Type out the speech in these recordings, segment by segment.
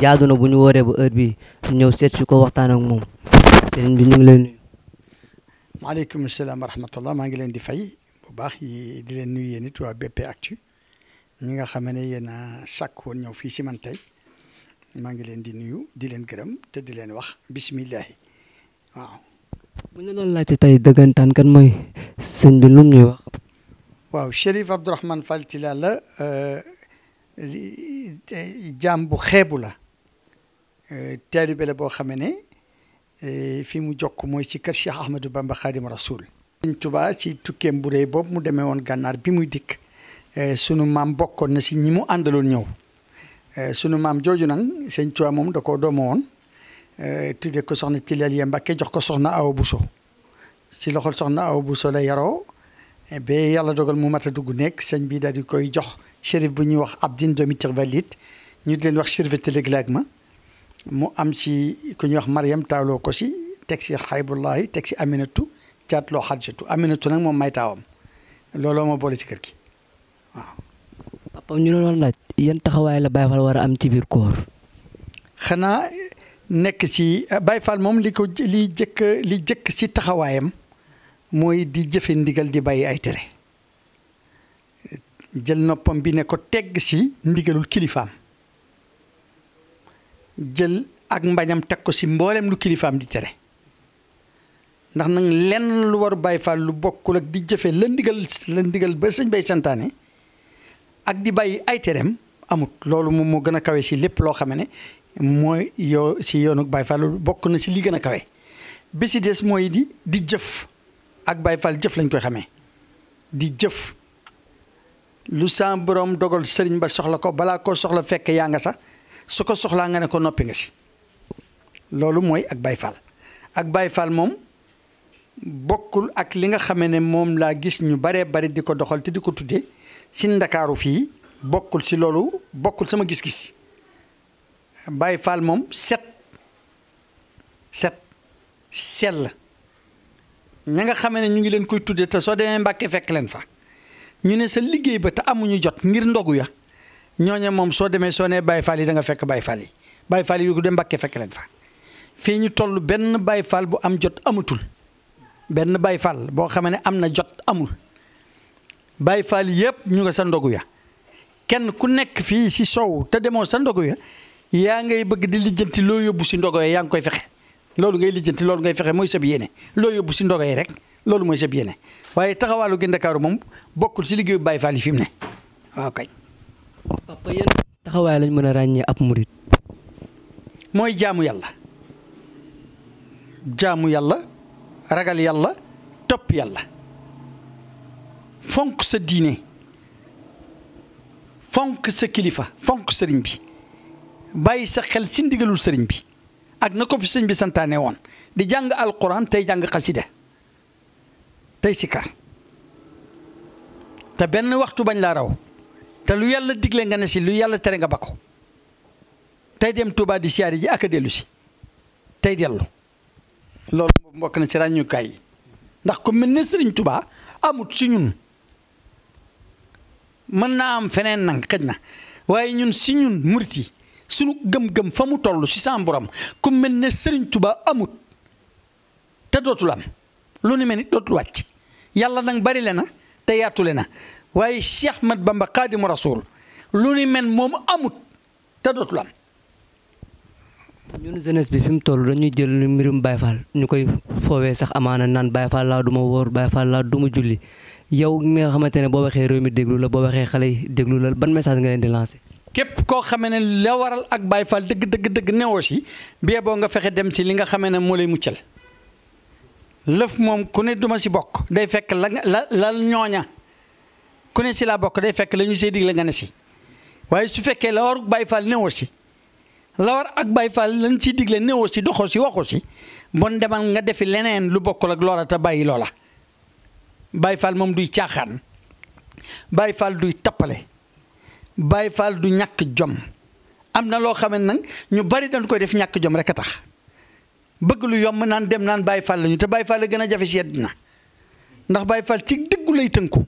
jaadu bu ñu wooree ba heure bi ñëw seet si ko waxtaan ak moom sëriñ bi ñu ngi lay nuyu. maaleykum salaam maa ngi leen di fay bu baax di leen nuyu yéen it waa BP Actu nga xam ne yéen a sàkk ñëw fii si man maa ngi leen di nuyu di leen gërëm te di leen wax bisimillahi waaw. bu ñu doon laajte tey dëggantaan kan mooy sëñ bi lu ñuy wax. waaw Chérif Abdourahmane la euh, jaam bu xeebu la taalibe la boo xamee ne eh, fi mu jokk mooy ci kër Cheikh Ahmadou Bamba Khadim Rasoul. Sëñ Tuubaa ci tukkeem bu rëy boobu mu demee woon gànnaar bi muy dikk eh, sunu maam bokkoon na si ñi mu àndaloon ñëw eh, sunu maam jooju nag Sëñ Tuubaa moom da ko dooma woon tudde ko soxna Tilal ya Mbàkke jox ko soxna Awa Bousso ci loxol soxna Awa Bousso la yaroo ba yàlla dogal mu mat a dugg nekk sëñ bii daal di koy jox chérif bu ñuy wax Abdin doomi Tirbalit ñu di leen wax chérif Téléglagma mu am si ku ñuy wax mariyam taaloo ko si teg si Xaybullahi teg si Aminatu caatloo Xadijatu Aminatu nag moom may taawam looloo ma boole ci kër gi waaw. papa ñu la doon laaj yan taxawaay la Baye war a am ci biir koor. xanaa nekk si Baye Fall moom li ko li jëkk li jëkk ci taxawaayam mooy di jëfe ndigal di bàyyi ay tere jël noppam bi ne ko tegg si ndigalul kilifaam. jël ak mbañam teg ko si mboolem lu kilifaam di tere ndax nag lenn lu war Baay Faal lu bokkul ak di jëfe la ndigal la ndigal ba sëñ bay santaane ak di bàyyi ay tereem amut loolu moom moo gën a kawe si lépp loo xame ne mooy yoo si yoonu Baay Faal loolu bokk na ci li gën a kawe bi ci des mooy di di jëf ak bay Faal jëf lañ koy xamee di jëf lu sa borom dogal sëriñ ba soxla ko balaa koo soxla fekk yaa nga sax su ko soxlaa nga ne ko noppi nga si loolu mooy ak Baay Faal ak Baay Faal moom bokkul ak li nga xamee ne moom laa gis ñu baree bari di ko doxal te di ko tuddee si ndakaaru fii bokkul si loolu bokkul sama gis-gis Baay Faal moom set set sell ña nga xam ne ñu ngi leen koy tuddee te soo demee Mbàkke fekk leen fa ñu ne sa liggéey ba te amuñu jot ngir ndogu ya ñooñe moom soo demee soo nee Baye Fall yi da nga fekk Baye Fall yi Baye Fall yu ko dem Mbàkke fekk leen fa fii ñu toll benn Baye Fall bu am jot amatul benn Baye Fall boo xam ne am na jot amul Baye Fall yëpp ñu nga sa ndogu ya kenn ku nekk fii si sow te demoo sa ndogu ya yaa ngay bëgg di lijjanti loo yóbbu si ndogo ya yaa ngi koy fexe loolu ngay lijjanti loolu ngay fexe mooy sab yéene loo yóbbu si ndogo yi rek loolu mooy sab yéene waaye taxawaalu gi moom bokkul si liggéeyu Baye Fall yi fi mu ne taxawaay lañu mën a ràññee ab murit mooy jaamu yàlla jaamu yàlla ragal yàlla topp yàlla fonk sa diine fonk sa kilifa fonk sëriñ bi bàyyi sa xel si ndigalul sëriñ bi ak na ko fi sëriñ bi santaane woon di jàng alquran tey jàng xasida tey sikar te benn waxtu bañ laa raw te lu yàlla digle nga ne si lu yàlla tere nga ba ko tey dem Touba di siyaare ji ak dellu si tey dellu loolu mbokk na si ràññukaay yi ndax ku mel ne Sëriñ Touba amut si ñun mën naa am feneen nang xëj na waaye ñun si ñun murit yi gëm-gëm fa mu toll si sa borom ku mel ne Sëriñ Touba amut te dootul am lu ni mel ni dootul wàcc yàlla nag bari le na te yaatule na waaye Cheikh mat Bamba Xaadimu Rasuul lu ni men moom amut te dootul am. ñun jeunesse bi fi mu toll dañuy jël mbirum Baye Fall ñu koy foowee sax amaana naan Baye Fall laa du wóor Baye Fall laa du ma julli yow mi nga xamante ne boo waxee réew mi déglu la boo waxee xale yi déglu la ban message nga leen di lancé. képp koo xamee ne la waral ak baay Fall dëgg dëgg dëgg newoo si bee boo nga fexe dem si li nga xamee ne moo lay muccal lëf moom ku ne duma si bokk day fekk la la la ñooña. ku ne si laa bokk day fekk lañu ñu see digle nga ne si waaye su fekkee la war Baay Faal newoo si la war ak Baay Faal lañ siy digle newoo si doxoo si waxoo si bon demal nga defi leneen lu bokkul ak loola te bàyyi loola Baay Faal moom duy caaxaan Baay Faal duy tappale bàyyi Faal du ñàkk jom am na loo xam nag ñu bari dañ koy def ñàkk jom rek a tax bëgg lu yomb naan dem naan bàyyi Faal lañu te Baay Faal la gën a jafe si na ndax Baay Faal lay tënku.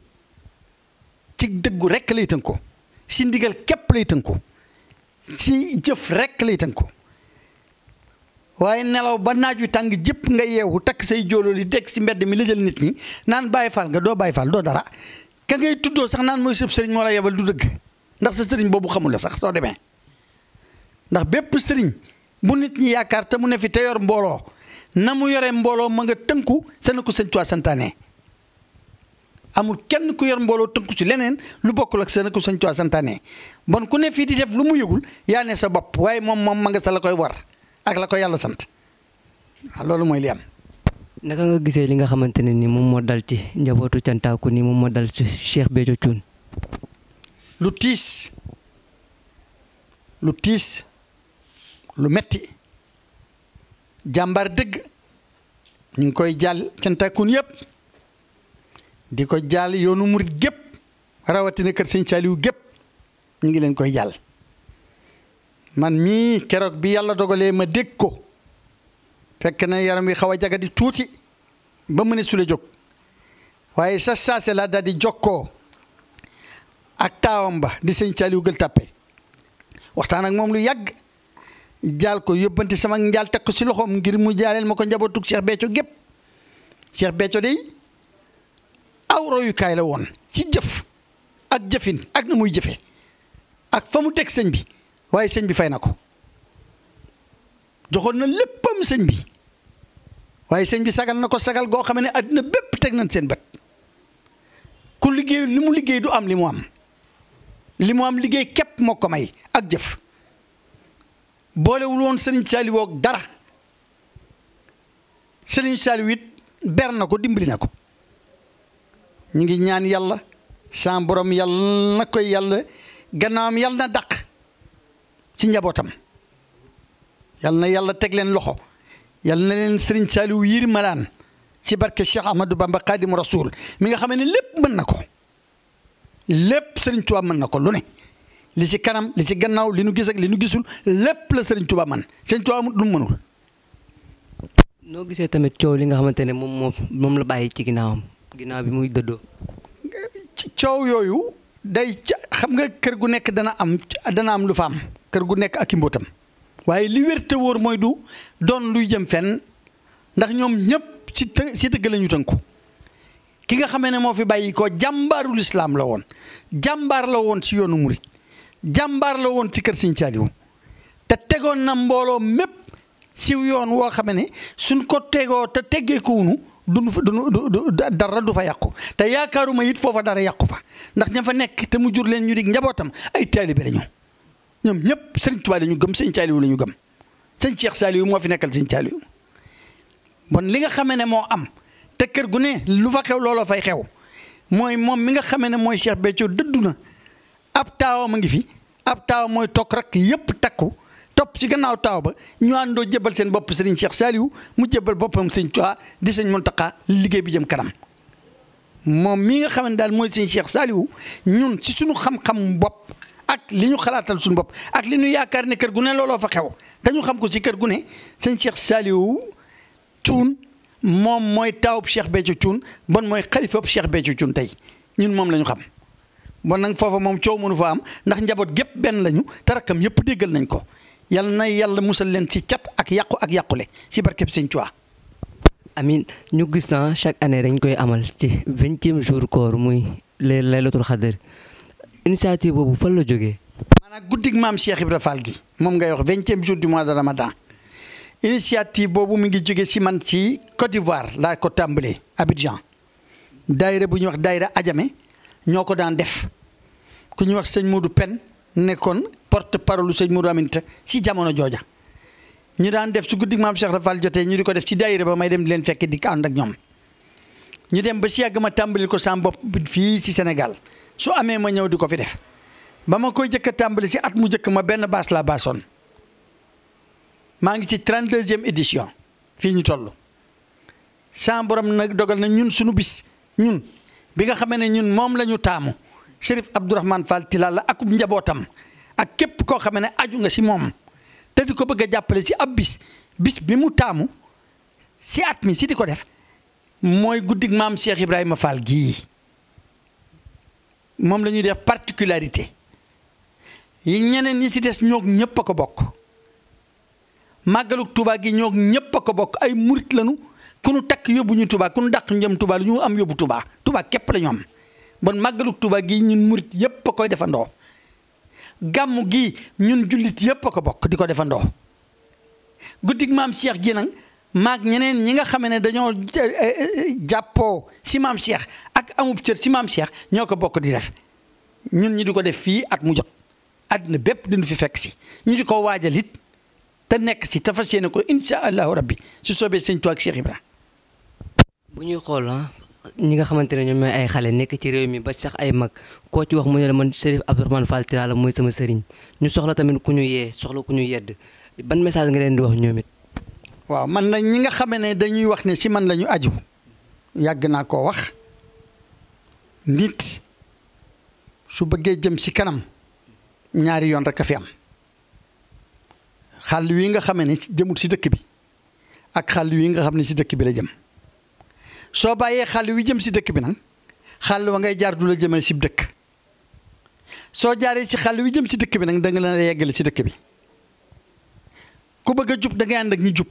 ci dëggu rekk lay tënkoo si ndigal képp lay tënkoo si jëf rekk lay tënkoo waaye nelaw ba naaj wi tàng jëpp nga yeewu takk say jóoloo li teg si mbedd mi la jël nit ñi naan bàyyi faal nga doo bàyyi faal doo dara ka ngay tuddoo sax naan mooy sëb sëriñ moo la yebal du dëgg ndax sa sëriñ boobu xamul la sax soo demee ndax bépp sëriñ bu nit ñi yaakaar te mu ne fi te yor mbooloo na mu yore mbooloo ma nga tënku seen ko sëñ Tuubaa santaane amul kenn ku yor mbooloo tënku ci leneen lu bokkul ak seen ku sëñ Tuubaa santaane bon ku ne fii di def lu mu yëgul yaa ne sa bopp waaye moom moom ma nga sa la koy war ak la ko yàlla sant waaw loolu mooy li am. naka nga gisee li nga xamante ne ni moom moo dal ci njabootu cantaaku ni moom moo dal ci Cheikh Béthio Thioune. lu tiis lu tiis lu metti jàmbaar dëgg ñu ngi koy jàll cantaakun yëpp. di ko jàll yoonu murit gépp rawatina kër sëñ Saaliw gépp ñu ngi leen koy jàll man mii keroog bi yàlla dogalee ma dégg ko fekk na yaram wi xaw a jagadi tuuti ba mëne ne su jóg waaye sa saase la daal di jokkoo ak taawam ba di sëñ Saaliw gël tàppe waxtaan ak moom lu yàgg jaal ko yóbbanti sama njaal teg ko si loxoom ngir mu jaaleel ma ko njabootug Cheikh Béthio gépp Cheikh Béthio dey aw royukaay la woon ci jëf ak jëfin ak na muy jëfe ak fa mu teg sëñ bi waaye sëñ bi fay na ko joxoon na léppam sëñ bi waaye sëñ bi sagal na ko sagal goo xam ne àddina bépp teg nañ seen bët ku liggéey li mu liggéey du am li mu am li mu am liggéey képp moo ko may ak jëf boolewul woon sëriñ Saaliw dara sëriñ Saaliw it ber na ko dimbali na ko ñu ngi ñaan yàlla sam borom yàlla na koy yàlla gannaawam yàlla na dàq ci njabootam yàlla na yàlla teg leen loxo yàlla na leen Serigne Saliou yiir malaan ci barke Cheikh Ahmadou Bamba Xaadimu Rasuul mi nga xam ne lépp mën na ko lépp Serigne Touba mën na ko lu ne li si kanam li si gannaaw li nu gis ak li nu gisul lépp la Serigne Touba man Serigne Touba amul lu mu noo gisee tamit coow li nga xamante ne moom moom la bàyyi ci ginnaawam. ginnaaw bi muy dëddoo. coow yooyu day xam nga kër gu nekk dana am dana am lu fa am kër gu nekk ak i waaye li wér wóor mooy du doon luy jëm fenn ndax ñoom ñëpp ci të ci dëgg lañu tënku ki nga xamee ne moo fi bàyyi ko jàmbaarul islaam la woon jàmbaar la woon ci yoonu murit jàmbaar la woon ci kër Sëñ Saaliw te tegoon na mbooloo mépp siw yoon woo xamee ni suñ ko tegoo te teggee ko wunu du fa du dara du fa yàqu te yaakaaruma it foofa dara yàqu fa ndax ña fa nekk te mu jur leen ñu dig njabootam ay taalibe la ñoom ñëpp sëriñ Tuubaa la ñu gëm sëñ Saaliw la ñu gëm sëñ Cheikh Saaliw moo fi nekkal sëñ Saaliw bon li nga xamee ne moo am te kër gu ne lu fa xew looloo fay xew mooy moom mi nga xamee ne mooy Cheikh Béthio dëddu na ab taawam a ngi fi ab taawam mooy toog rek yëpp takku bopp ci gannaaw taaw ba ñu àndoo jébal seen bopp sëriñ Cheikh Saliou mu jébal boppam sëñ Tuubaa di sëñ Muntaxa liggéey bi jëm kanam moom mii nga xam ne mooy sëñ Cheikh Saliou ñun ci suñu xam bopp ak li ñu xalaatal suñu bopp ak li yaakaar ne kër gu ne looloo fa xew dañu xam ko ci kër gu ne sëñ Cheikh Saliou Thioune moom mooy taawub Cheikh Béthio Thioune bon mooy xalifab Cheikh Béthio Thioune tey ñun moom la xam. bon nag foofa moom coow mënu fa am ndax njaboot gépp benn lañu tarakam yëpp déggal nañ ko. yal na yàlla musal leen ci cat ak yàqu ak yàqule ci barkeb Sëñ Tuubaa amin ñu gis na chaque année dañ koy amal ci vingtième jour koor muy laylatul xadr initiative boobu fan la jógee. maanaam guddig maam Cheikh Ibra Fall gi moom ngay wax vingtième jour du mois de Ramadan initiative boobu mu ngi jóge si man ci Côte d'Ivoire laa ko tàmbalee Abidjan daayira bu ñuy wax daayira ajame ñoo ko daan def ku ñuy wax sëñ Modou Pen nekkoon porte parole sëñ Mourou Aminta si jamono jooja. ñu daan def su guddi maam Cheikh Rafal jotee ñu di ko def ci daayira ba may dem di leen fekk di ànd ak ñoom ñu dem ba si yàgg ma tàmbali ko sam bopp fii ci Sénégal su amee ma ñëw di ko fi def. ba ma koy jëkk a tàmbali si at mu njëkk ma benn baas laa baasoon maa ngi ci 32e édition fii ñu toll saa borom nag dogal na ñun suñu bis ñun bi nga xamee ne ñun moom la ñu taamu Chérif Abdourahmane Fall la akum njabootam ak képp koo xam ne aju nga si moom te di ko bëgg a jàppale si ab bis bis bi mu taamu si at mi si di ko def mooy guddig maam Cheikh Ibrahima Fall gii moom lañuy ñuy def particularité yi ñeneen ñi si des ñoog ñëpp ko bokk màggalug Touba gi ñoog ñëpp a ko bokk ay murit lañu ku nu takk yóbbu ñu tubaa ku nu dàq njëm tubaa lu ñu am yóbbu tubaa Touba képp lañu am bon màggalug Touba gi ñun murit yëpp a koy defandoo. gàmm gi ñun jullit yépp a ko bokk di ko defandoo guddig maam Cheikh gi nag maag ñeneen ñi nga xame ne dañoo eh, eh, eh, jàppoo si maam Cheikh ak amub cër si maam Cheikh ñoo ko bokk di def ñun ñu di ko def fii at mu jot àdduna bépp dina fi fekk si ñu di ko waajal it te nekk ci te fas yéene ko incha allahu rabbi su soobee sëñ Tuubaa ak Cheikh Ibrahima bu ñi nga xamante ne ñoom mooy ay xale nekk ci réew mi ba sax ay mag koo ci wax mu ne la man Chérif Abdourahmane Fall Tilala mooy sama sëriñ ñu soxla tamit ku ñu yee soxla ku ñu yedd ban message nga leen di wax ñoom it. waaw man nag ñi nga xame ne dañuy wax ne si man la ñu aju yàgg naa koo wax nit su bëggee jëm si kanam ñaari yoon rek a fi am xàll wi nga xame ne jëmul si dëkk bi ak xàll wi nga xam ne si dëkk bi la jëm. soo bàyyee xàll wi jëm si dëkk bi nag xàll wa ngay jaar du la jëmale sib dëkk soo jaaree si xàll wi jëm si dëkk bi nag danga nga la yeggale si dëkk bi ku bëgg a jub da ànd ak ñi jub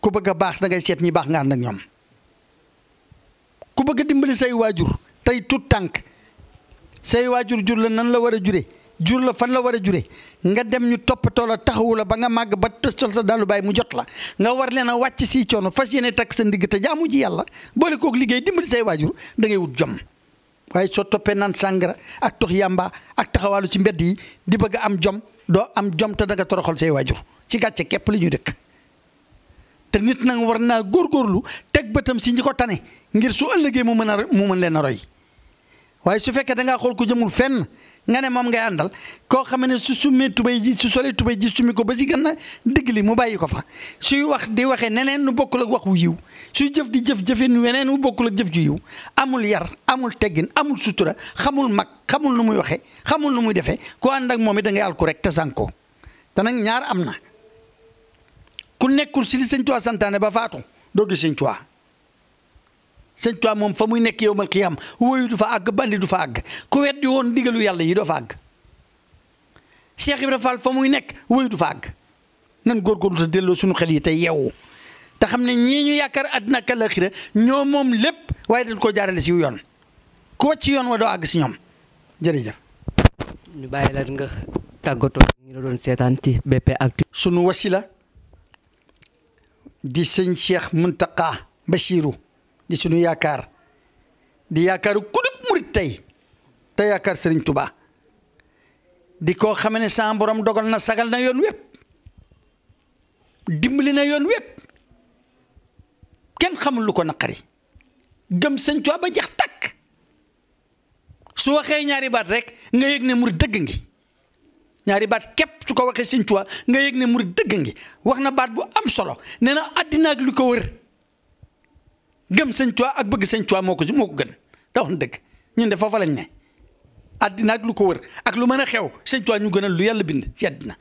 ku bëgg a baax dangay ngay seet ñi baax nga ànd ak ñoom ku bëgg a dimbali say waajur tey tut tànk say waajur jur la nan la war a jure jur la fan la war a jure nga dem ñu toppatoo la taxawu la ba nga màgg ba tëstal sa dalu baay mu jot la nga war leen a wàcc si coono fas yéene takk sa ndigg te jaamu ji yàlla boole kook liggéey dimbali say waajur da ngay wut jom waaye soo toppee naan sàngara ak tox yàmba ak taxawaalu ci mbedd yi di bëgg am jom doo am jom te da nga toroxal say waajur ci gàcce kepp li ñu dëkk te nit nag war naa góor góorlu teg bëtam si ñu ko tane ngir su ëllëgee mu mën a mu mën leen a roy nga ne moom ngay àndal koo xam ne su summee tubéy ji su solee tubay ji summi ko ba si gën a dëgg li mu bàyyi ko fa suy wax di waxee neneen nu bokkul ak wax wu yiw su jëf di jëf jëfee nu weneen wu bokkul ak jëf ju yiw amul yar amul teggin amul sutura xamul mag xamul nu muy waxee xamul nu muy defee koo ànd ak moom it da ngay àl ko rek te sànkoo te nag ñaar am na ku nekkul si li sëñ Tuubaa santaane ba faatu doo gis sëñ sëñ Tuubaa moom fa muy nekk yowmal qiyaam wóoyu du fa àgg bandi du fa àgg ku weddi woon digalu yàlla yi doo fa àgg Cheikh Ibra Fall fa muy nekk wóoyu du fa àgg nan góor góorgóorlu te delloo suñu xel yi te yeewu te xam ne ñii ñu yaakaar àddina ak àllaaxira ñoo moom lépp waaye dañ koo jaarale si yoon ku wàcc yoon wa doo àgg si ñoom jërëjëf. ñu bàyyi la nga tàggatoo ñu la doon seetaan ci BP Actu. sunu wasila di sëñ Cheikh Mountakha Bachirou. di suñu yaakaar di yaakaaru kudub murit tey te yaakaar Serigne tubaa di koo xame ne sa boroom dogal na sagal na yoon wépp dimbali na yoon wépp kenn xamul lu ko naqari gëm sëñ Touba ba jeex takk su waxee ñaari baat rek nga yëg ne murit dëgg ngi ñaari baat képp su ko waxee sëñ Touba nga yëg ne murit dëgg ngi wax na baat bu am solo nee na àddina ak lu ko wër gëm sëñ ak bëgg sëñ Tuubaa moo ko moo ko gën te wax na dëgg ñun foofa lañ ne àddina ak lu ko wër ak lu mën a xew sëñ Tuubaa ñu gënal lu yàlla bind ci àddina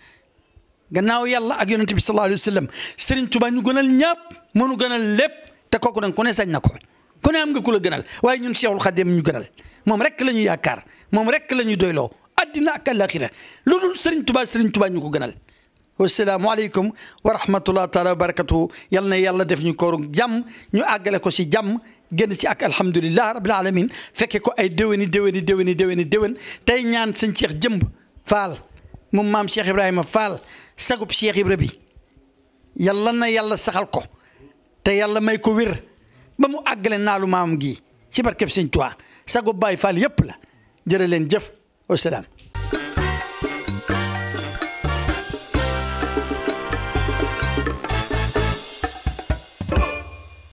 gannaaw yàlla ak yonent bi sallallahu alayhi wa sallam sëriñ Tuubaa ñu gënal ñàpp mënu gënal lépp te kooku nag ku ne sañ na ko ku ne am nga ku la gënal waaye ñun Seexul Xadim ñu gënal moom rek la ñu yaakaar moom rek la ñu doyloo àddina ak àllaaxira lu dul sëriñ Tuubaa ñu ko gënal wasalaamualeykum wa rahmatullah taala wa barakatuhu yal na yàlla def ñu kooru jàmm ñu àggale ko si jàmm génn si ak alhamdulilah rabil alamin fekke ko ay déwéni déwéni déwéni déwéni déwén tey ñaan sëñ Cheikh Jëmb Faal moom maam Cheikh Ibrahima Faal sagub Cheikh Ibra bi yàlla na yàlla saxal ko te yàlla may ko wér ba mu àggale naalu maam gi ci barkeb sëñ Tuubaa sagub Baay Faal yépp la jërë leen jëf wasalaam